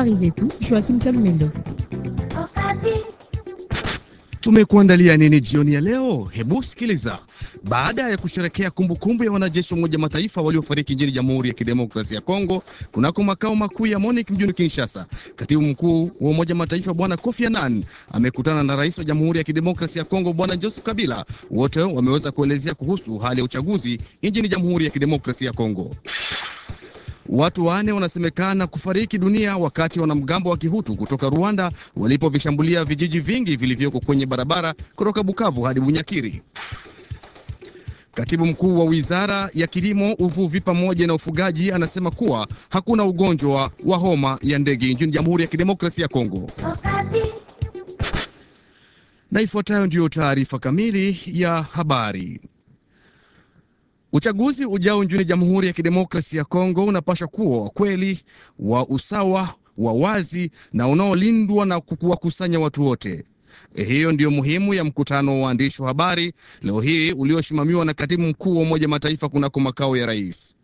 habari zetu Joakim Kalumendo. Tumekuandalia nini jioni ya leo? Hebu sikiliza. Baada ya kusherekea kumbukumbu ya wanajeshi wa Umoja Mataifa waliofariki nchini Jamhuri ya Kidemokrasia ya Kongo kunako makao makuu ya MONUC mjini Kinshasa, katibu mkuu wa Umoja Mataifa Bwana Kofi Annan amekutana na rais wa Jamhuri ya Kidemokrasia ya Kongo Bwana Joseph Kabila. Wote wameweza kuelezea kuhusu hali ya uchaguzi nchini Jamhuri ya Kidemokrasia ya Kongo. Watu wanne wanasemekana kufariki dunia wakati wanamgambo wa kihutu kutoka Rwanda walipovishambulia vijiji vingi vilivyoko kwenye barabara kutoka Bukavu hadi Bunyakiri. Katibu mkuu wa wizara ya kilimo, uvuvi pamoja na ufugaji anasema kuwa hakuna ugonjwa wa homa ya ndege nchini Jamhuri ya Kidemokrasia ya Kongo. Na ifuatayo ndiyo taarifa kamili ya habari. Uchaguzi ujao nchini Jamhuri ya Kidemokrasi ya Kongo unapaswa kuwa wa kweli, wa usawa, wa wazi na unaolindwa na kuwakusanya watu wote. Eh, hiyo ndiyo muhimu ya mkutano wa waandishi wa habari leo hii uliosimamiwa na katibu mkuu wa Umoja Mataifa kunako makao ya rais.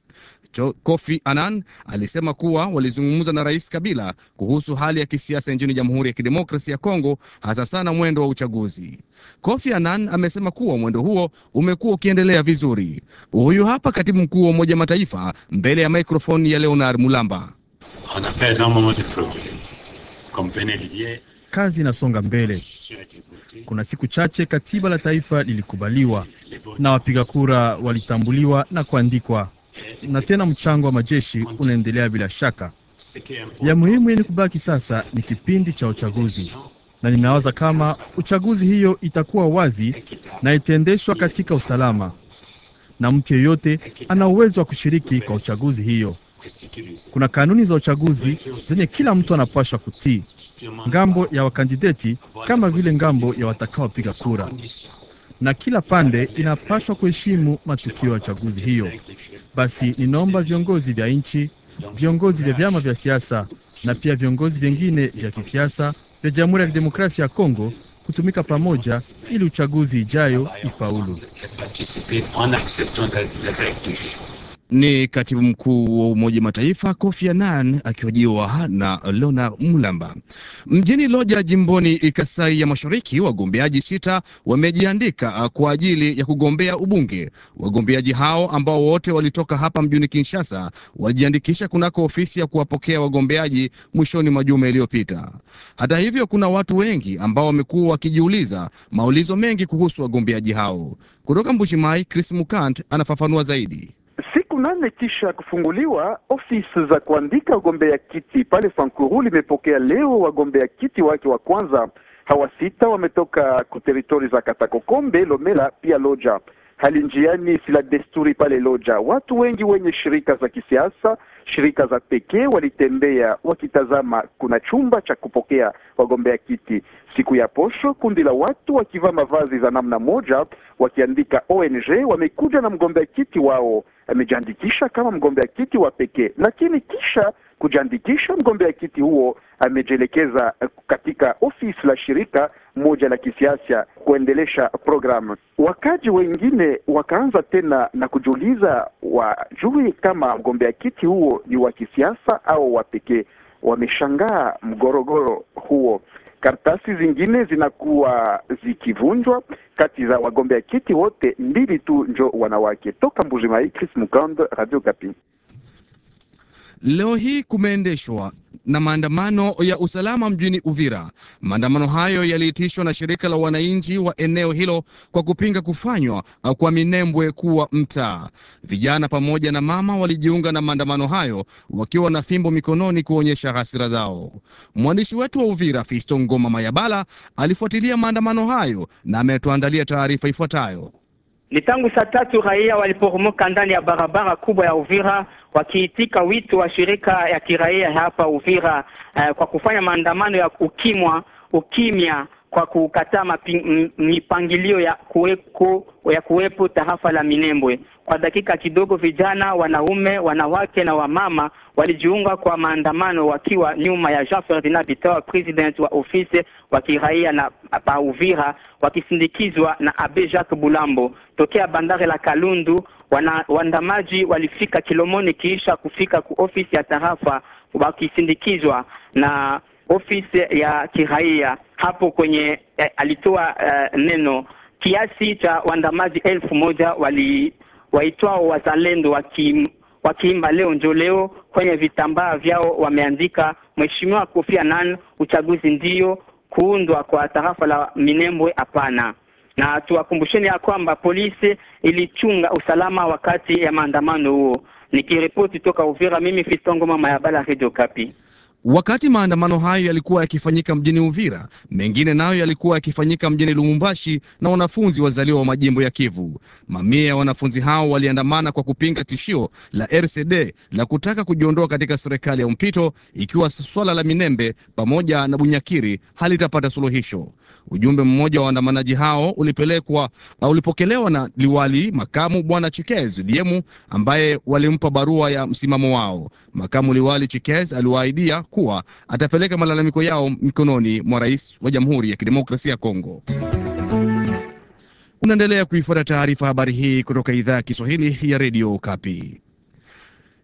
Kofi Annan alisema kuwa walizungumza na Rais Kabila kuhusu hali ya kisiasa nchini Jamhuri ya Kidemokrasia ya Kongo, hasa sana mwendo wa uchaguzi. Kofi Annan amesema kuwa mwendo huo umekuwa ukiendelea vizuri. Huyu hapa katibu mkuu wa Umoja Mataifa mbele ya mikrofoni ya Leonard Mulamba. Kazi inasonga mbele. Kuna siku chache katiba la taifa lilikubaliwa na wapiga kura walitambuliwa na kuandikwa na tena mchango wa majeshi unaendelea bila shaka. Ya muhimu yenye kubaki sasa ni kipindi cha uchaguzi, na ninawaza kama uchaguzi hiyo itakuwa wazi na itaendeshwa katika usalama, na mtu yeyote ana uwezo wa kushiriki kwa uchaguzi hiyo. Kuna kanuni za uchaguzi zenye kila mtu anapaswa kutii, ngambo ya wakandideti kama vile ngambo ya watakaopiga kura na kila pande inapaswa kuheshimu matukio ya chaguzi hiyo. Basi ninaomba viongozi vya nchi, viongozi vya vyama vya siasa na pia viongozi vingine vya kisiasa vya Jamhuri ya Kidemokrasia ya Kongo kutumika pamoja ili uchaguzi ijayo ifaulu. Ni katibu mkuu wa Umoja Mataifa Kofi Annan akihojiwa na Lona Mlamba mjini Loja jimboni Kasai ya Mashariki. Wagombeaji sita wamejiandika uh, kwa ajili ya kugombea ubunge. Wagombeaji hao ambao wote walitoka hapa mjini Kinshasa walijiandikisha kunako ofisi ya kuwapokea wagombeaji mwishoni mwa juma iliyopita. Hata hivyo, kuna watu wengi ambao wamekuwa wakijiuliza maulizo mengi kuhusu wagombeaji hao. Kutoka Mbushimai, Chris Mukant anafafanua zaidi nane kisha kufunguliwa ofisi za kuandika wagombea kiti pale Sankuru limepokea leo wagombea kiti wake wa kwanza. Hawa sita wametoka ku teritori za Katakokombe, Lomela pia Loja hali njiani si la desturi pale Loja. Watu wengi wenye shirika za kisiasa, shirika za pekee walitembea wakitazama kuna chumba cha kupokea wagombea kiti. Siku ya posho, kundi la watu wakivaa mavazi za namna moja wakiandika ONG wamekuja na mgombea kiti wao, amejiandikisha kama mgombea kiti wa pekee, lakini kisha kujiandikisha. Mgombea kiti huo amejielekeza katika ofisi la shirika moja la kisiasa kuendelesha programu. Wakaji wengine wakaanza tena na kujiuliza, wajui kama mgombea kiti huo ni wa kisiasa au wa pekee. Wameshangaa mgorogoro huo. Karatasi zingine zinakuwa zikivunjwa. Kati za wagombea kiti wote mbili tu njo wanawake. Toka mbuzimai Chris Mukand, Radio Kapi. Leo hii kumeendeshwa na maandamano ya usalama mjini Uvira. Maandamano hayo yaliitishwa na shirika la wananchi wa eneo hilo kwa kupinga kufanywa kwa Minembwe kuwa mtaa. Vijana pamoja na mama walijiunga na maandamano hayo wakiwa na fimbo mikononi kuonyesha hasira zao. Mwandishi wetu wa Uvira, Fisto Ngoma Mayabala, alifuatilia maandamano hayo na ametuandalia taarifa ifuatayo. Ni tangu saa tatu raia waliporomoka ndani ya barabara kubwa ya Uvira wakiitika wito wa shirika ya kiraia hapa Uvira eh, kwa kufanya maandamano ya ukimwa ukimya kwa kukataa mipangilio ya kuweko ya kuwepo tahafa la Minembwe. Kwa dakika kidogo, vijana, wanaume, wanawake na wamama walijiunga kwa maandamano wakiwa nyuma ya Jean Ferdinand Bitawa, president wa ofisi wa kiraia na pa Uvira, wakisindikizwa na Abe Jacques Bulambo tokea bandari la Kalundu. Wana, waandamaji walifika Kilomoni kiisha kufika ku ofisi ya tarafa wakisindikizwa na ofisi ya kiraia hapo kwenye eh, alitoa eh, neno kiasi cha waandamaji elfu moja wali waitwao wazalendo wakiimba waki leo njo leo kwenye vitambaa vyao wameandika Mheshimiwa Kofi Annan, uchaguzi ndio kuundwa kwa tarafa la Minembwe hapana. Na tuwakumbusheni ya kwamba polisi ilichunga usalama wakati ya maandamano huo. Nikiripoti toka Uvira, mimi Fistongo, mama ya Bala, Radio Kapi. Wakati maandamano hayo yalikuwa yakifanyika mjini Uvira, mengine nayo yalikuwa yakifanyika mjini Lumumbashi na wanafunzi wazaliwa wa majimbo ya Kivu. Mamia ya wanafunzi hao waliandamana kwa kupinga tishio la RCD la kutaka kujiondoa katika serikali ya mpito, ikiwa swala la Minembe pamoja na Bunyakiri halitapata suluhisho. Ujumbe mmoja wa waandamanaji hao ulipelekwa ulipokelewa na liwali makamu bwana Chikez Diemu, ambaye walimpa barua ya msimamo wao. Makamu liwali Chikez aliwaahidia kuwa atapeleka malalamiko yao mikononi mwa rais wa Jamhuri ya Kidemokrasia ya Kongo. Unaendelea kuifuata taarifa habari hii kutoka idhaa ya Kiswahili ya redio Kapi.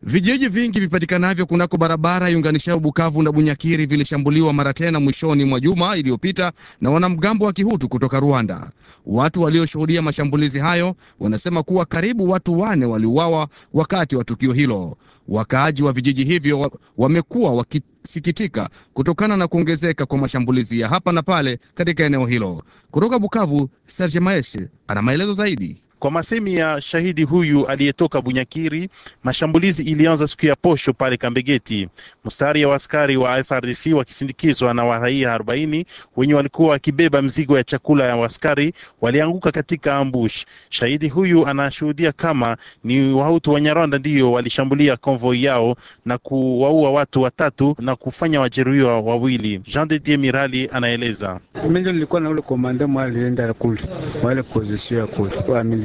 Vijiji vingi vipatikanavyo kunako barabara iunganishayo Bukavu na Bunyakiri vilishambuliwa mara tena mwishoni mwa juma iliyopita na wanamgambo wa Kihutu kutoka Rwanda. Watu walioshuhudia mashambulizi hayo wanasema kuwa karibu watu wane waliuawa wakati wa tukio hilo. Wakaaji wa vijiji hivyo wamekuwa wakisikitika kutokana na kuongezeka kwa mashambulizi ya hapa na pale katika eneo hilo. Kutoka Bukavu, Serge Maeshe ana maelezo zaidi. Kwa masemi ya shahidi huyu aliyetoka Bunyakiri, mashambulizi ilianza siku ya posho pale Kambegeti. Mstari ya waskari wa FRDC wakisindikizwa na waraia 40 wenye walikuwa wakibeba mzigo ya chakula ya waskari walianguka katika ambush. Shahidi huyu anashuhudia kama ni wahutu wa Nyarwanda ndiyo walishambulia konvoi yao na kuwaua watu watatu na kufanya wajeruhiwa wawili. Jean de Dieu Mirali anaeleza. Mimi nilikuwa na ule komanda mwalienda kule wale pozisio ya kule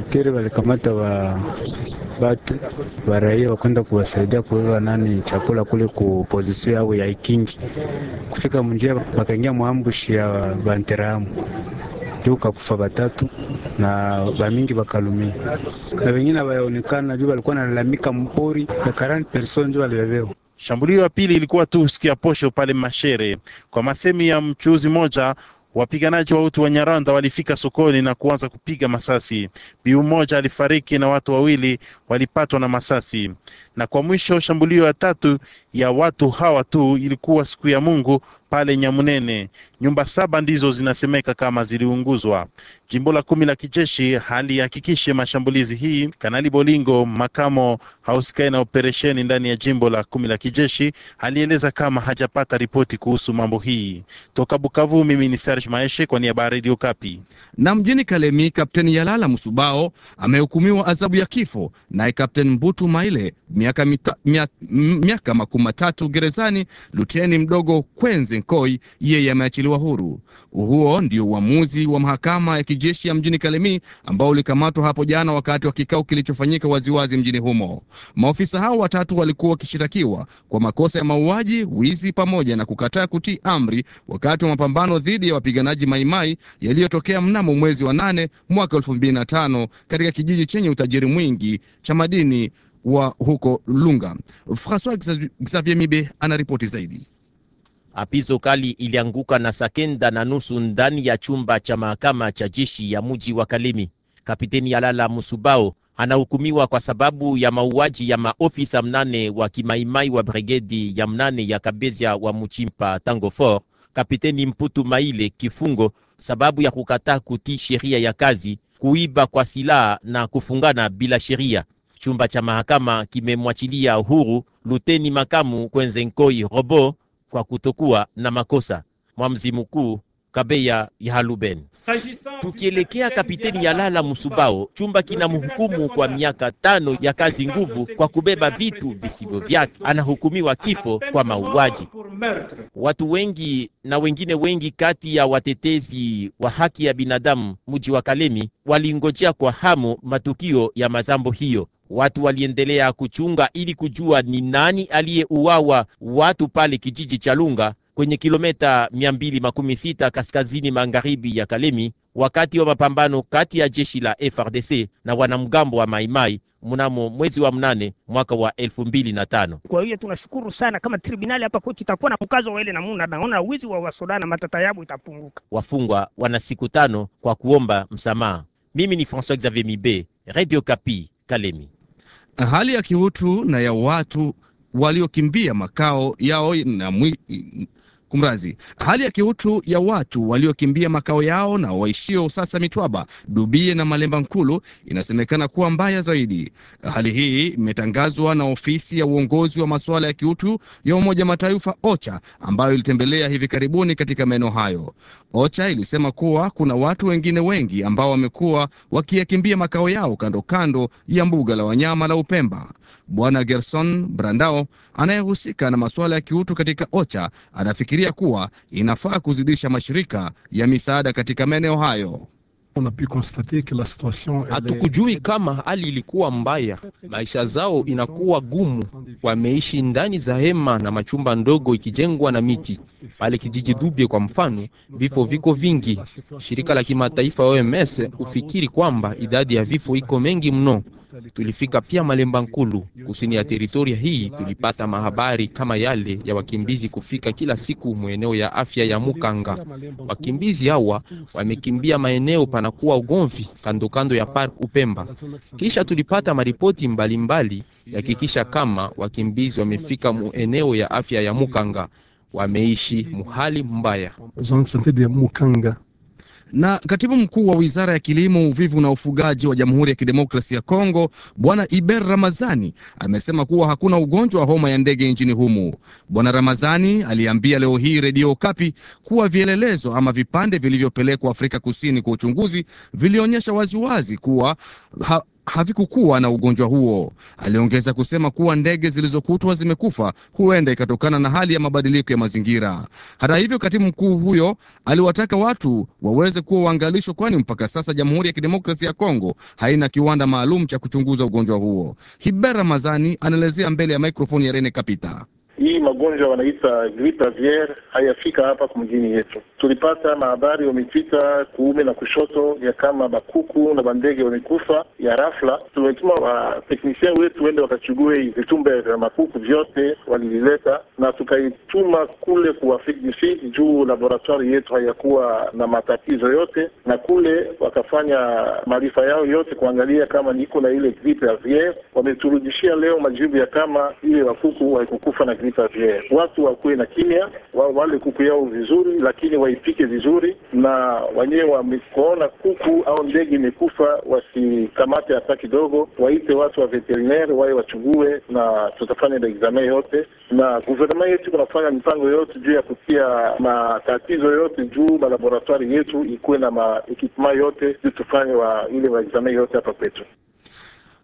Waserikali walikamata wa batu raia wakwenda kuwasaidia kubeba nani chakula kule ku pozisio yao ya Ikingi. Kufika munjia wakaingia mwambushi ya Banteramu juu kakufa batatu na bamingi bakalumia na wengine wayaonekana juu walikuwa nalalamika mpori ya karani person juu waliwevewa. Shambulio ya pili ilikuwa tu siku ya posho pale Mashere kwa masemi ya mchuuzi moja Wapiganaji wa utu wa nyaranda walifika sokoni na kuanza kupiga masasi. Biu mmoja alifariki na watu wawili walipatwa na masasi, na kwa mwisho shambulio ya tatu ya watu hawa tu ilikuwa siku ya Mungu pale Nyamunene. Nyumba saba ndizo zinasemeka kama ziliunguzwa. Jimbo la kumi la kijeshi halihakikishe mashambulizi hii. Kanali Bolingo, makamo hausikai na operesheni ndani ya jimbo la kumi la kijeshi, alieleza kama hajapata ripoti kuhusu mambo hii. Toka Bukavu, mimi ni Serge Maeshe kwa niaba ya Radio Kapi. Na mjini Kalemi, Kapteni Yalala Musubao amehukumiwa adhabu ya kifo, naye Kapteni Mbutu Maile miaka, miaka makumi matatu gerezani. Luteni mdogo Kwenzi Nkoi yeye ameachiliwa huru. Huo ndio uamuzi wa mahakama ya kijeshi ya mjini kalemi ambao ulikamatwa hapo jana wakati wa kikao kilichofanyika waziwazi mjini humo. Maofisa hao watatu walikuwa wakishitakiwa kwa makosa ya mauaji, wizi pamoja na kukataa kutii amri wakati wa mapambano dhidi ya wapiganaji Maimai yaliyotokea mnamo mwezi wa nane mwaka elfu mbili na tano katika kijiji chenye utajiri mwingi cha madini wa huko Lunga. François Xavier Mibe anaripoti zaidi. Apizo kali ilianguka na sakenda na nusu ndani ya chumba cha mahakama cha jeshi ya muji wa Kalemi. Kapiteni Alala Musubao anahukumiwa kwa sababu ya mauaji ya maofisa mnane wa kimaimai wa brigedi ya mnane ya Kabezia wa Muchimpa Tango Fort. Kapiteni Mputu Maile kifungo sababu ya kukataa kutii sheria ya kazi, kuiba kwa silaha na kufungana bila sheria. Chumba cha mahakama kimemwachilia uhuru luteni makamu Kwenzenkoi Robo kwa kutokuwa na makosa. Mwamzi mkuu Kabeya Yahaluben. Tukielekea kapiteni ya lala Musubao, chumba kinamhukumu kwa miaka tano ya kazi nguvu kwa kubeba vitu visivyo vyake. Anahukumiwa kifo kwa mauaji. Watu wengi na wengine wengi kati ya watetezi wa haki ya binadamu mji wa Kalemi walingojea kwa hamu matukio ya mazambo hiyo. Watu waliendelea kuchunga ili kujua ni nani aliyeuawa watu pale kijiji cha Lunga kwenye kilomita 216 kaskazini magharibi ya Kalemi wakati wa mapambano kati ya jeshi la FRDC na wanamgambo wa Maimai mnamo mwezi wa mnane mwaka wa elfu mbili na tano. Kwa hiyo tunashukuru sana kama tribunali hapa kwetu itakuwa na mkazo wa ile namuna, naona wizi wa wasoda na matata yabo itapunguka. Wafungwa wana siku tano kwa kuomba msamaha. Mimi ni François Xavier Mibe, Radio Kapi, Kalemi hali ya kiutu na ya watu waliokimbia makao yao na, mwi, Kumrazi, hali ya kiutu ya watu waliokimbia makao yao na waishio sasa Mitwaba, Dubie na Malemba Nkulu inasemekana kuwa mbaya zaidi. Hali hii imetangazwa na ofisi ya uongozi wa masuala ya kiutu ya Umoja Mataifa OCHA ambayo ilitembelea hivi karibuni katika maeneo hayo. OCHA ilisema kuwa kuna watu wengine wengi ambao wamekuwa wakiyakimbia makao yao kando kando ya mbuga la wanyama la Upemba. Bwana Gerson Brandao anayehusika na masuala ya kiutu katika OCHA anafikiria kuwa inafaa kuzidisha mashirika ya misaada katika maeneo hayo. Hatukujui kama hali ilikuwa mbaya, maisha zao inakuwa gumu. Wameishi ndani za hema na machumba ndogo ikijengwa na miti. Pale kijiji Dubye kwa mfano, vifo viko vingi. Shirika la kimataifa OMS hufikiri kwamba idadi ya vifo iko mengi mno. Tulifika pia Malemba Nkulu, kusini ya teritoria hii. Tulipata mahabari kama yale ya wakimbizi kufika kila siku mweneo ya afya ya Mukanga. Wakimbizi hawa wamekimbia maeneo panakuwa ugomvi kando kando ya Park Upemba. Kisha tulipata maripoti mbalimbali yakikisha kama wakimbizi wamefika mweneo ya afya ya Mukanga, wameishi muhali mbaya. Na katibu mkuu wa wizara ya kilimo, uvivu na ufugaji wa Jamhuri ya Kidemokrasia ya Kongo, Bwana Iber Ramazani amesema kuwa hakuna ugonjwa wa homa ya ndege nchini humu. Bwana Ramazani aliambia leo hii Redio Kapi kuwa vielelezo ama vipande vilivyopelekwa Afrika Kusini kwa uchunguzi vilionyesha waziwazi kuwa ha havikukuwa na ugonjwa huo. Aliongeza kusema kuwa ndege zilizokutwa zimekufa huenda ikatokana na hali ya mabadiliko ya mazingira. Hata hivyo, katibu mkuu huyo aliwataka watu waweze kuwa waangalishwa, kwani mpaka sasa Jamhuri ya Kidemokrasia ya Kongo haina kiwanda maalum cha kuchunguza ugonjwa huo. Hiber Ramazani anaelezea mbele ya mikrofoni ya Rene Kapita. Hii magonjwa wanaita gripe aviaire hayafika hapa mjini yetu tulipata mahabari wamepita kuume na kushoto ya kama bakuku na bandege wamekufa ya rafla. Tumetuma wateknisia wetu wende wakachugue vitumbe vya makuku vyote walilileta, na tukaituma kule ku juu laboratori yetu hayakuwa na matatizo yote, na kule wakafanya maarifa yao yote kuangalia kama niko na ile gripe Wameturudishia leo majibu ya kama ile wakuku waikukufa na gripe Watu wakuwe na kimya, wale kuku yao vizuri, lakini wa ifike vizuri, na wenyewe wamekuona kuku au ndege imekufa, wasikamate hata kidogo, waite watu wa veterineri waye wachugue na tutafanya examen yote, na guvernema yetu kunafanya mipango yote juu ya kutia matatizo yote juu malaboratori yetu ikuwe na maekipema yote juu tufanye wa ile maexamen yote hapa kwetu.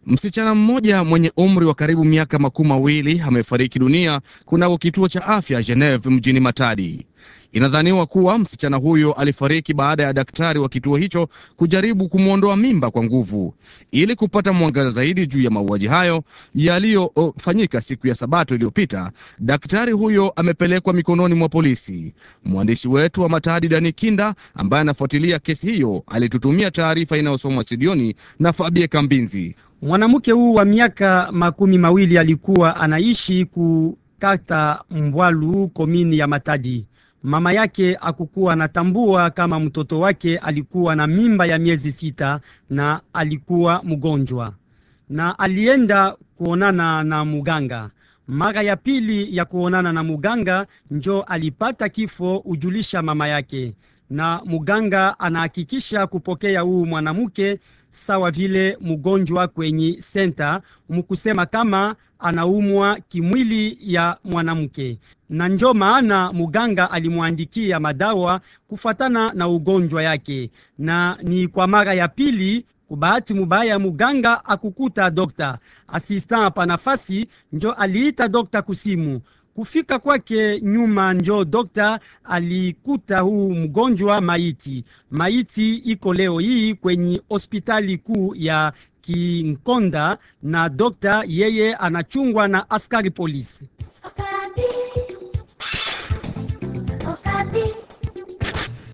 Msichana mmoja mwenye umri wa karibu miaka makuu mawili amefariki dunia kunako kituo cha afya Geneve mjini Matadi. Inadhaniwa kuwa msichana huyo alifariki baada ya daktari wa kituo hicho kujaribu kumwondoa mimba kwa nguvu. Ili kupata mwangaza zaidi juu ya mauaji hayo yaliyofanyika siku ya Sabato iliyopita, daktari huyo amepelekwa mikononi mwa polisi. Mwandishi wetu wa Matadi, Dani Kinda, ambaye anafuatilia kesi hiyo, alitutumia taarifa inayosomwa studioni na Fabie Kambinzi. Mwanamke huu wa miaka makumi mawili alikuwa anaishi kukata Mbwalu, komini ya Matadi. Mama yake akukuwa anatambua kama mtoto wake alikuwa na mimba ya miezi sita na alikuwa mgonjwa, na alienda kuonana na muganga. Mara ya pili ya kuonana na muganga njo alipata kifo, ujulisha mama yake, na muganga anahakikisha kupokea huu mwanamke sawa vile mgonjwa kwenye senta mkusema kama anaumwa kimwili ya mwanamke, na njo maana muganga alimwandikia madawa kufatana na ugonjwa yake, na ni kwa mara ya pili Kubahati mubaya muganga akukuta dokta asistan pa nafasi, njo aliita dokta kusimu Kufika kwake nyuma njo dokta alikuta huu mgonjwa maiti. Maiti iko leo hii kwenye hospitali kuu ya Kinkonda na dokta yeye anachungwa na askari polisi.